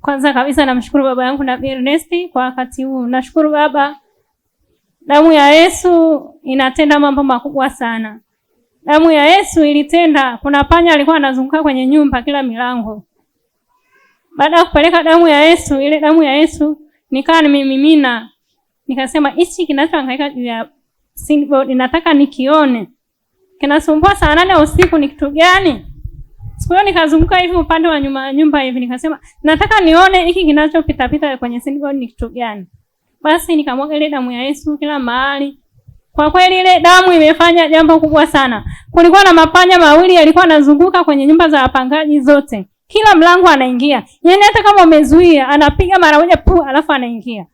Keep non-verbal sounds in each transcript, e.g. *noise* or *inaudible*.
Kwanza kabisa namshukuru baba yangu Nabii Ernesti kwa wakati huu. Nashukuru baba, damu ya Yesu inatenda mambo makubwa sana. Damu ya Yesu ilitenda. Kuna panya alikuwa anazunguka kwenye nyumba kila milango. Baada ya kupeleka damu ya Yesu, ile damu ya Yesu nikawa nimemimina, nikasema hichi kinachohangaika juu ya sinboard, nataka nikione kinasumbua saa nane usiku ni kitu gani? Siku hiyo nikazunguka hivi upande wa nyuma nyumba hivi nikasema nataka nione hiki kinachopita pita kwenye synagogue ni kitu gani. Basi nikamwaga ile damu ya Yesu kila mahali. Kwa kweli ile damu imefanya jambo kubwa sana. Kulikuwa na mapanya mawili yalikuwa yanazunguka kwenye nyumba za wapangaji zote. Kila mlango anaingia. Yaani hata kama umezuia anapiga mara moja pu alafu anaingia.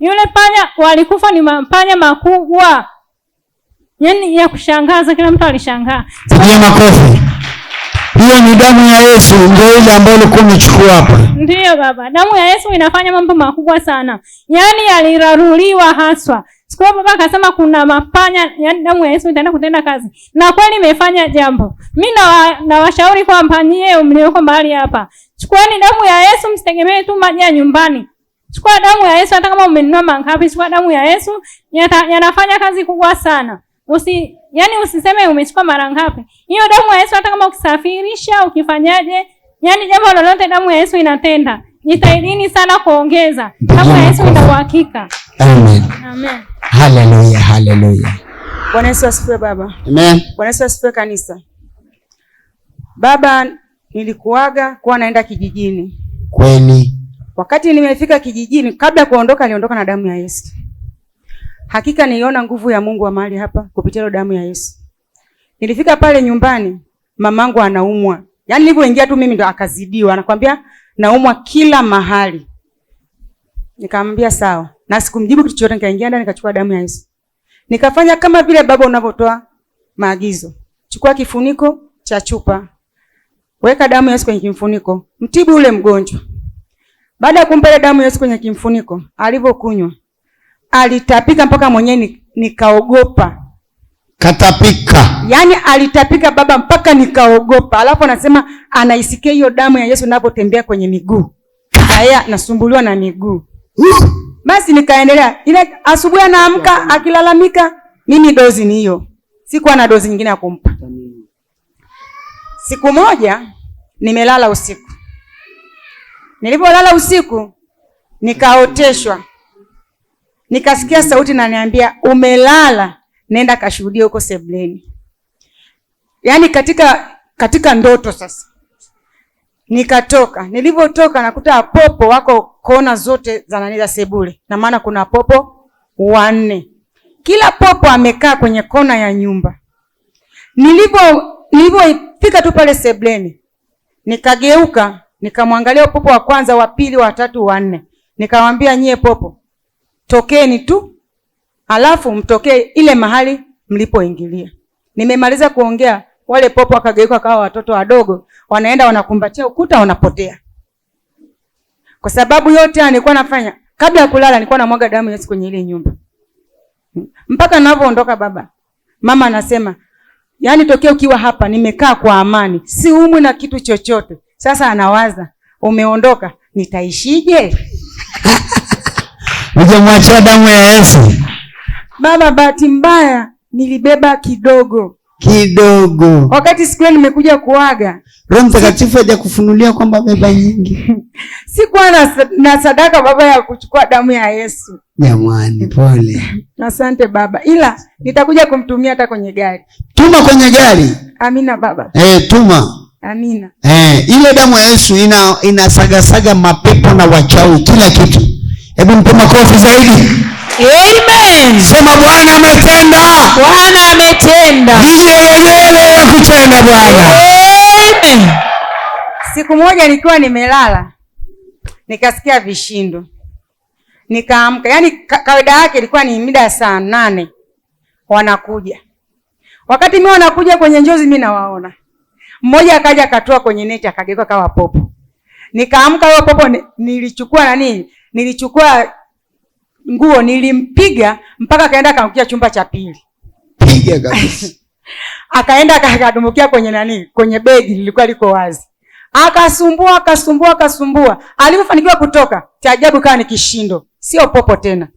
Yule panya walikufa ni mapanya makubwa. Yaani ya kushangaza kila mtu alishangaa. Tupige makofi. Hiyo ni damu ya Yesu, ndio ile ambayo ilikuwa umechukua hapa. Ndiyo baba, damu ya Yesu inafanya mambo makubwa sana, yaani yaliraruliwa haswa. Siku baba akasema kuna mapanya, yaani damu ya Yesu itaenda kutenda kazi, na kweli imefanya jambo. Mi nawashauri na kwamba nyie mlioko mbali hapa, chukuani damu ya Yesu, msitegemee tu maji ya nyumbani. Chukua damu ya Yesu, hata kama umenunua mangapi, chukua damu ya Yesu, yanafanya kazi kubwa sana. Usi, yani usiseme umechukua mara ngapi. Hiyo damu ya Yesu hata kama ukisafirisha ukifanyaje, yani jambo lolote damu ya Yesu inatenda. Jitahidini sana kuongeza. Damu ya Yesu ina uhakika. Amen. Amen. Haleluya, haleluya. Bwana Yesu asifiwe baba. Amen. Bwana Yesu asifiwe kanisa. Baba, nilikuaga kuwa naenda kijijini. Kweli. Wakati nimefika kijijini, kabla ya kuondoka, aliondoka na damu ya Yesu. Hakika niliona nguvu ya Mungu wa mahali hapa kupitia ile damu ya Yesu. Nilifika pale nyumbani, mamangu anaumwa. Yaani nilipoingia tu mimi ndo akazidiwa, anakwambia naumwa kila mahali. Nikamwambia sawa. Na sikumjibu kitu chochote, nikaingia ndani nikachukua damu ya Yesu. Nikafanya kama vile baba unavyotoa maagizo. Chukua kifuniko cha chupa. Weka damu ya Yesu kwenye kimfuniko. Mtibu ule mgonjwa. Baada ya kumpa damu ya Yesu kwenye kimfuniko, alivyokunywa alitapika mpaka mwenyewe nikaogopa. Katapika yaani alitapika baba mpaka nikaogopa, alafu anasema anaisikia hiyo damu ya Yesu napotembea kwenye miguu, haya nasumbuliwa na miguu basi nikaendelea ile asubuhi, anaamka akilalamika, mimi dozi ni hiyo, sikuwa na dozi nyingine ya kumpa. Siku moja nimelala usiku, nilipolala usiku nikaoteshwa Nikasikia sauti na niambia, umelala, nenda kashuhudia huko sebleni. Yaani katika katika ndoto sasa. Nikatoka, nilivyotoka nakuta popo wako kona zote za nani za sebule, na maana kuna popo wanne. Kila popo amekaa kwenye kona ya nyumba. nilivyofika tu pale sebleni, nikageuka, nikamwangalia popo wa kwanza, wa pili, wa tatu, wa nne. Nikamwambia, nyie popo tokeni tu, alafu mtokee ile mahali mlipoingilia. Nimemaliza kuongea, wale popo wakageuka kawa watoto wadogo, wanaenda wanakumbatia ukuta, wanapotea. Kwa sababu yote nilikuwa nafanya kabla ya kulala, nilikuwa namwaga damu Yesu kwenye ile nyumba mpaka ninavyoondoka. Baba mama anasema yaani, tokea ukiwa hapa nimekaa kwa amani, si umwi na kitu chochote. Sasa anawaza umeondoka, nitaishije? *laughs* nijamwachia damu ya Yesu. Mama, bahati mbaya nilibeba kidogo kidogo, wakati sikuwa nimekuja kuaga, Roho Mtakatifu haja kufunulia kwamba beba nyingi *laughs* sikuwa na, na sadaka baba ya kuchukua damu ya Yesu. Jamani, pole. Asante baba, ila nitakuja kumtumia hata kwenye gari. Tuma kwenye gari. Amina baba. Eh, tuma Amina. Eh, ile damu ya Yesu ina inasagasaga mapepo na wachawi, kila kitu Hebu mpe makofi zaidi. Amen. Sema Bwana ametenda. Bwana ametenda. Ndiye kutenda Bwana. Amen. Siku moja nikiwa nimelala nikasikia vishindo, nikaamka. Yaani kawaida yake ilikuwa ni mida ya saa nane wanakuja. Wakati mimi wanakuja kwenye njozi, mimi nawaona. Mmoja akaja akatoa kwenye neti akageuka kawa popo. Nikaamka, huyo popo nilichukua nani nilichukua nguo nilimpiga mpaka akaenda akaangukia chumba cha pili, piga kabisa *laughs* akaenda akadumbukia kwenye nani, kwenye begi lilikuwa liko wazi, akasumbua akasumbua akasumbua. Alipofanikiwa kutoka, taajabu kawa ni kishindo, sio popo tena.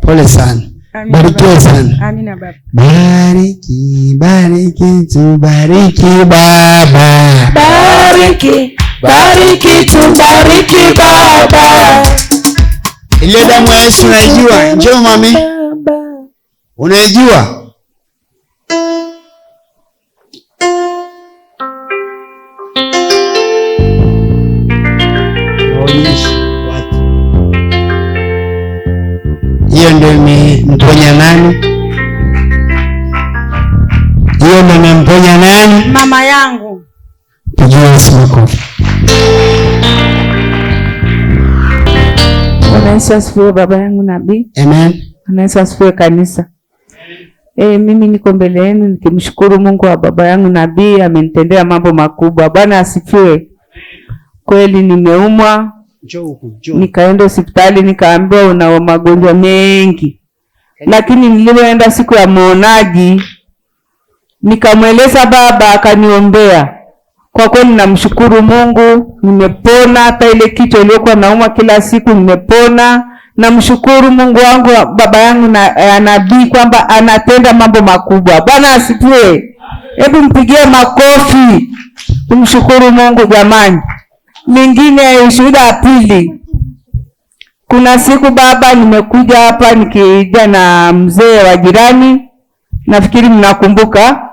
Pole sana. Barikiwe sana. Amina baba. Bariki, bariki, tubariki baba. Bariki. Bariki tubariki Baba. Ile damu ya Yesu unaijua? Njoo mami, unaijua? Hiyo ndio imemponya nani? Hiyo ndio imemponya nani? Mama yangu. Pigia Yesu makofi. Bwana Yesu asifiwe, baba yangu nabii. Amen. Bwana Yesu asifiwe kanisa. E, mimi niko mbele yenu nikimshukuru Mungu wa baba yangu nabii, amenitendea mambo makubwa. Bwana asifiwe. Kweli nimeumwa, nikaenda hospitali nikaambiwa una magonjwa mengi, lakini nilipoenda siku ya muonaji nikamweleza baba, akaniombea kwa kweli namshukuru Mungu, nimepona. Hata ile kichwa iliyokuwa nauma kila siku nimepona. Namshukuru Mungu wangu baba yangu na eh, nabii kwamba anatenda mambo makubwa. Bwana asifiwe! Hebu mpigie makofi, tumshukuru Mungu jamani. Mingine ushuhuda ya pili, kuna siku baba, nimekuja hapa nikija na mzee wa jirani, nafikiri mnakumbuka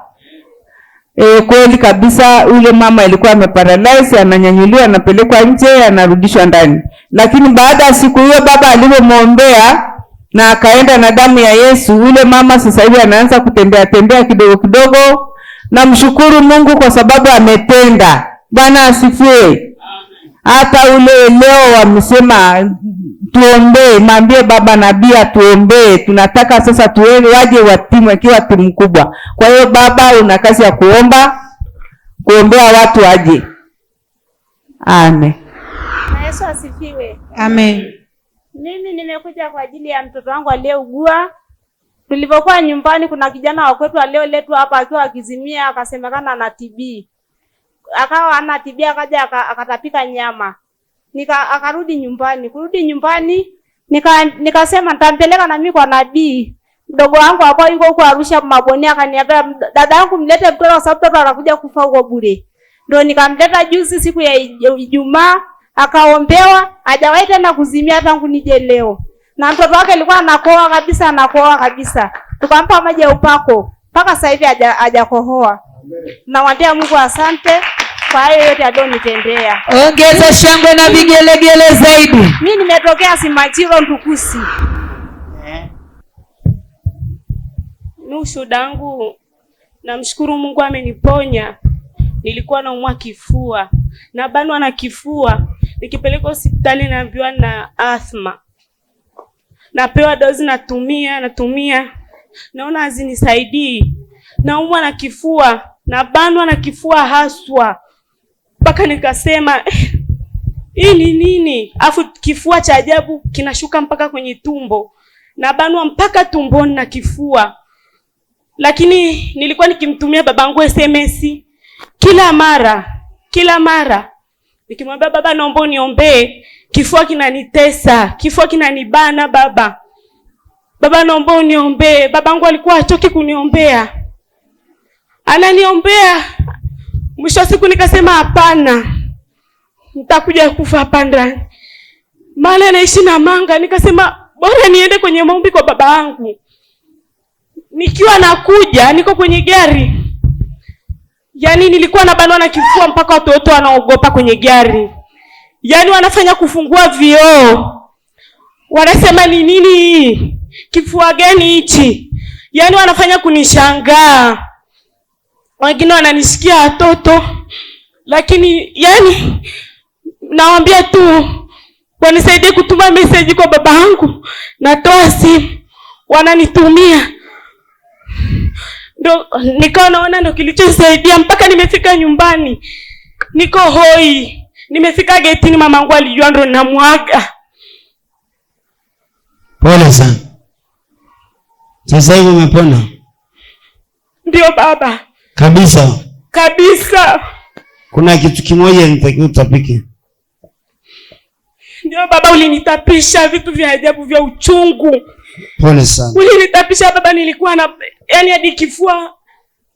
E, kweli kabisa yule mama alikuwa ameparalyze, ananyanyuliwa, anapelekwa nje, anarudishwa ndani. Lakini baada ya siku hiyo baba alivyomwombea na akaenda na damu ya Yesu, yule mama sasa hivi anaanza kutembea tembea kidogo kidogo. Namshukuru Mungu kwa sababu ametenda. Bwana asifiwe. Hata ule leo wamesema tuombee, mwambie baba nabii atuombee, tunataka sasa tuende waje wa timu, akiwa timu kubwa. Kwa hiyo baba, una kazi ya kuomba, kuombea watu waje. Amen. Yesu asifiwe. Amen. Mimi nimekuja kwa ajili ya mtoto wangu aliyeugua. Tulivyokuwa nyumbani, kuna kijana wa kwetu aliyoletwa hapa akiwa akizimia, akasemekana na TB akawa ana tibia, akaja akatapika nyama, nika akarudi nyumbani. Kurudi nyumbani, nika nikasema nitampeleka na mimi kwa nabii mdogo wangu hapo yuko huko Arusha Maboni, akaniambia dada yangu mlete mtoto, kwa sababu mtoto anakuja kufa huko bure. Ndio nikamleta juzi siku ya Ijumaa, akaombewa, hajawahi tena kuzimia tangu nije leo. Na mtoto wake alikuwa anakohoa kabisa, anakohoa kabisa, tukampa maji ya upako mpaka sasa hivi hajakohoa. Namwambia Mungu asante kwa hayo yote alionitendea. Ongeza shangwe na vigelegele zaidi. Mimi nimetokea simajiro Ndukusi. Eh. Ni ushuhuda wangu. Namshukuru Mungu ameniponya. Nilikuwa naumwa kifua, nabanwa na kifua, nikipelekwa hospitali naambiwa na asthma. Napewa dozi, natumia natumia, naona hazinisaidii. Naumwa na kifua, nabanwa na kifua haswa mpaka nikasema eh, hii ni nini? Afu kifua cha ajabu kinashuka mpaka kwenye tumbo, nabanwa mpaka tumboni na kifua. Lakini nilikuwa nikimtumia babangu SMS kila mara, kila mara nikimwambia baba, naomba uniombee, kifua kinanitesa, kifua kinanibana baba, baba naomba uniombee. Babangu alikuwa achoki kuniombea, ananiombea Mwisho wa siku nikasema hapana, nitakuja kufa hapa ndani, maana naishi na Manga. Nikasema bora niende kwenye maombi kwa baba yangu. Nikiwa nakuja niko kwenye gari, yaani nilikuwa nabanwa na kifua mpaka watoto wanaogopa kwenye gari, yaani wanafanya kufungua vioo, wanasema ni nini hii, kifua gani hichi? Yaani wanafanya kunishangaa wengine wananisikia watoto, lakini yani nawambia tu wanisaidie kutuma meseji kwa baba yangu, natoa simu wananitumia, ndo nikawa naona ndo kilichosaidia mpaka nimefika nyumbani, niko hoi. Nimefika getini, mamangu alijua ndo namwaga. Pole sana. Sasa hivi umepona? Ndio baba kabisa kabisa. Kuna kitu kimoja nitakiwa utapike. Ndio baba, ulinitapisha vitu vya ajabu vya uchungu. Pole sana, ulinitapisha baba, nilikuwa na yani hadi kifua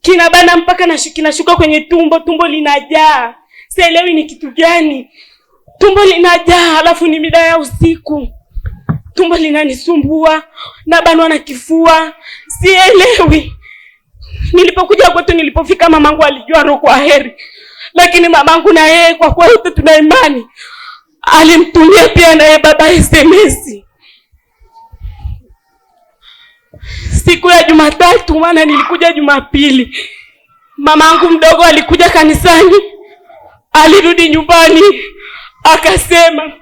kinabana mpaka na kinashuka kwenye tumbo, tumbo linajaa, sielewi ni kitu gani. Tumbo linajaa, alafu ni mida ya usiku, tumbo linanisumbua, nabanwa na kifua, sielewi Nilipokuja kwetu, nilipofika, mamangu alijua roho kwa heri, lakini mamangu na yeye kwa kuwa yote tuna imani, alimtumia pia naye baba SMS siku ya Jumatatu, maana nilikuja Jumapili. Mamangu mdogo alikuja kanisani, alirudi nyumbani, akasema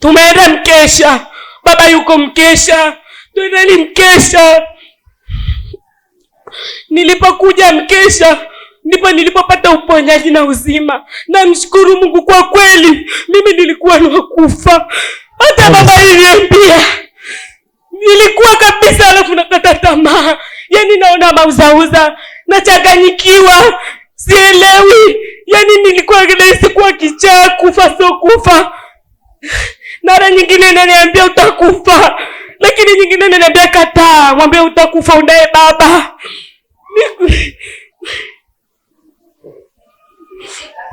tumeenda mkesha, baba yuko mkesha, twendeni mkesha nilipokuja mkesha ndipo nilipopata uponyaji na uzima. Namshukuru Mungu kwa kweli, mimi nilikuwa ni kufa, hata baba aliniambia nilikuwa kabisa, alafu nakata tamaa, yani naona mauzauza, nachanganyikiwa, sielewi, yani nilikuwa rahisi kuwa kichaa, kufa sio kufa. Mara nyingine naniambia utakufa, lakini nyingine naniambia kataa, mwambie utakufa, unaye baba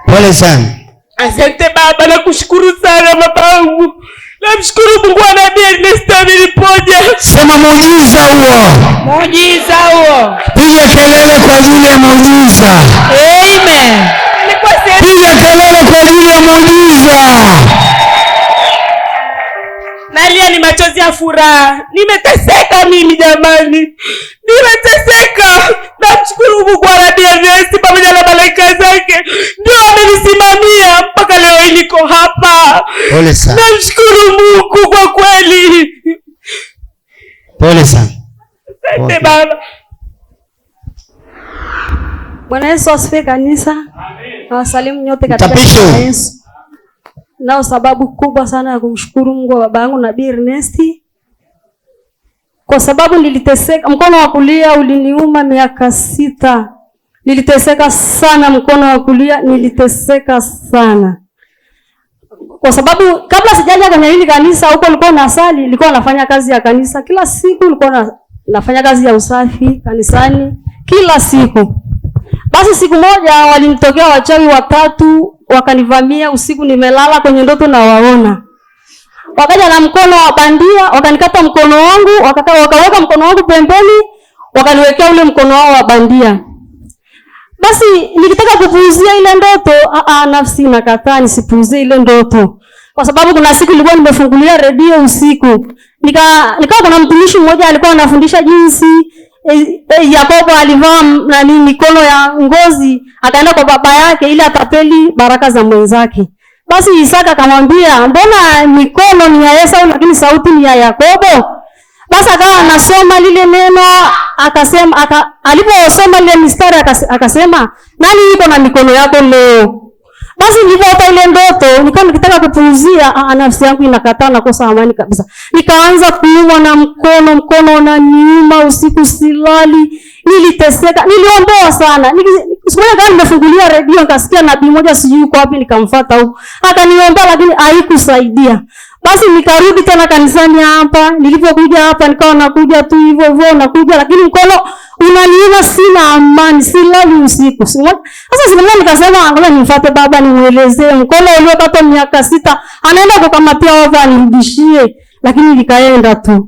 Pole sana. Asante baba, nakushukuru sana babangu. Namshukuru Mungu nilipoje. Sema muujiza huo. Muujiza huo. Piga kelele kwa ajili ya muujiza. Amen. Piga kelele kwa ajili ya muujiza. Nalia ni machozi ya furaha. Nimeteseka mimi jamani. Nimeteseka. Namshukuru Mungu kwa ya radiavesi pamoja na malaika zake, ndio amenisimamia mpaka leo niko hapa. Pole sana. Namshukuru Mungu kwa kweli. Pole sana. Asante baba. Bwana Yesu asifiwe kanisa. Amen. Nawasalimu nyote katika Yesu. Nao sababu kubwa sana ya kumshukuru Mungu wa baba yangu Nabii Ernest kwa sababu niliteseka. Mkono wa kulia uliniuma miaka sita, niliteseka sana. Mkono wa kulia niliteseka sana kwa sababu kabla sijaja kwenye hili kanisa, huko nilikuwa nasali, nilikuwa nafanya kazi ya kanisa kila siku, nilikuwa nafanya kazi ya usafi kanisani kila siku. Basi siku moja walinitokea wachawi watatu, wakanivamia usiku, nimelala kwenye ndoto na waona wakaja na mkono wa bandia, wakanikata mkono wangu, wakaka, wakaweka mkono wangu pembeni, wakaniwekea ule mkono wao wa bandia. Basi nikitaka kupuuzia ile ndoto, a a, nafsi nakataa nisipuuzie ile ndoto. Kwa sababu kuna siku nilikuwa nimefungulia redio usiku. Nika nikawa kuna mtumishi mmoja alikuwa anafundisha jinsi e, e, Yakobo alivaa nani mikono ya ngozi akaenda kwa baba yake ili atapeli baraka za mwenzake. Basi Isaka akamwambia, mbona mikono ni ya Esau lakini sauti ni ya Yakobo? Basi akawa anasoma lile neno akasema aka, aliposoma lile mistari akasema, nani yuko na mikono yako leo? Basi nilivyoota ile ndoto, nikawa nikitaka kupumzia, ah, ah, nafsi yangu inakataa, nakosa amani kabisa. Nikaanza kuumwa na mkono, mkono unaniuma, usiku silali, niliteseka, niliombea sana. Sikuona kama nimefungulia redio nikasikia nabii mmoja sijui yuko wapi, nikamfuata huko. Akaniombea lakini haikusaidia. Basi nikarudi tena kanisani hapa. Nilipokuja hapa nikawa nakuja tu hivyo hivyo nakuja, lakini mkono unaniuma, sina amani, silali usiku. Sasa simuona, nikasema ngoja nimfuate baba nimuelezee, mkono uliokata miaka sita anaenda kukamatia wapi anirudishie, lakini nikaenda tu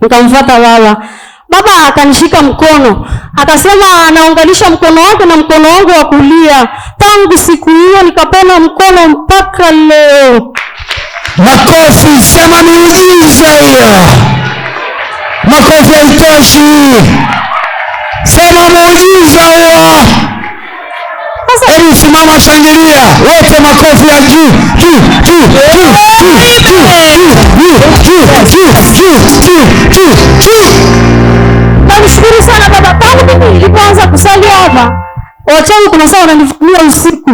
nikamfuata baba. Baba akanishika mkono akasema anaunganisha mkono wake na mkono wangu wa kulia. Tangu siku hiyo nikapona mkono mpaka leo. Makofi, sema miujiza hiyo. Makofi haitoshi, sema muujiza huo. Hebu simama, shangilia wote, makofi ya juu juu juu juu. Namshukuru sana Baba. Tangu mimi nilipoanza kusali hapa, wachawi kuna saa wananivamia usiku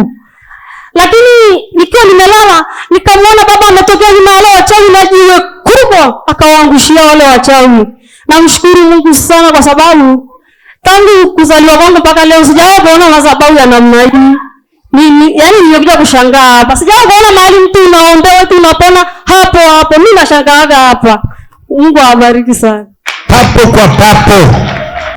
lakini nikiwa nimelala nikamwona baba ametokea nyuma wale wachawi na jiwe kubwa akawaangushia wale wachawi. Namshukuru Mungu sana kwa sababu tangu kuzaliwa kwangu mpaka leo sijawahi kuona madhabahu ya namna hii. Mimi yani, nimekuja kushangaa hapa. Sijawahi kuona mahali mtu unaombewa tu unapona hapo hapo. Mimi nashangaaga hapa. Mungu awabariki sana. Papo kwa papo.